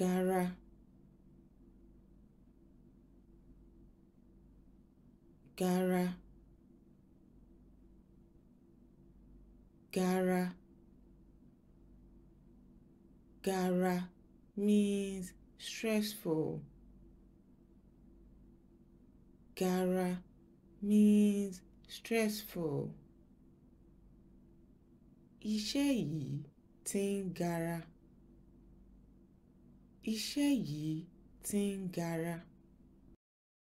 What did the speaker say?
gara gara gara gara means stressful gara means stressful iṣẹ́ yìí ti ń gara iṣẹ́ yìí ti ń gara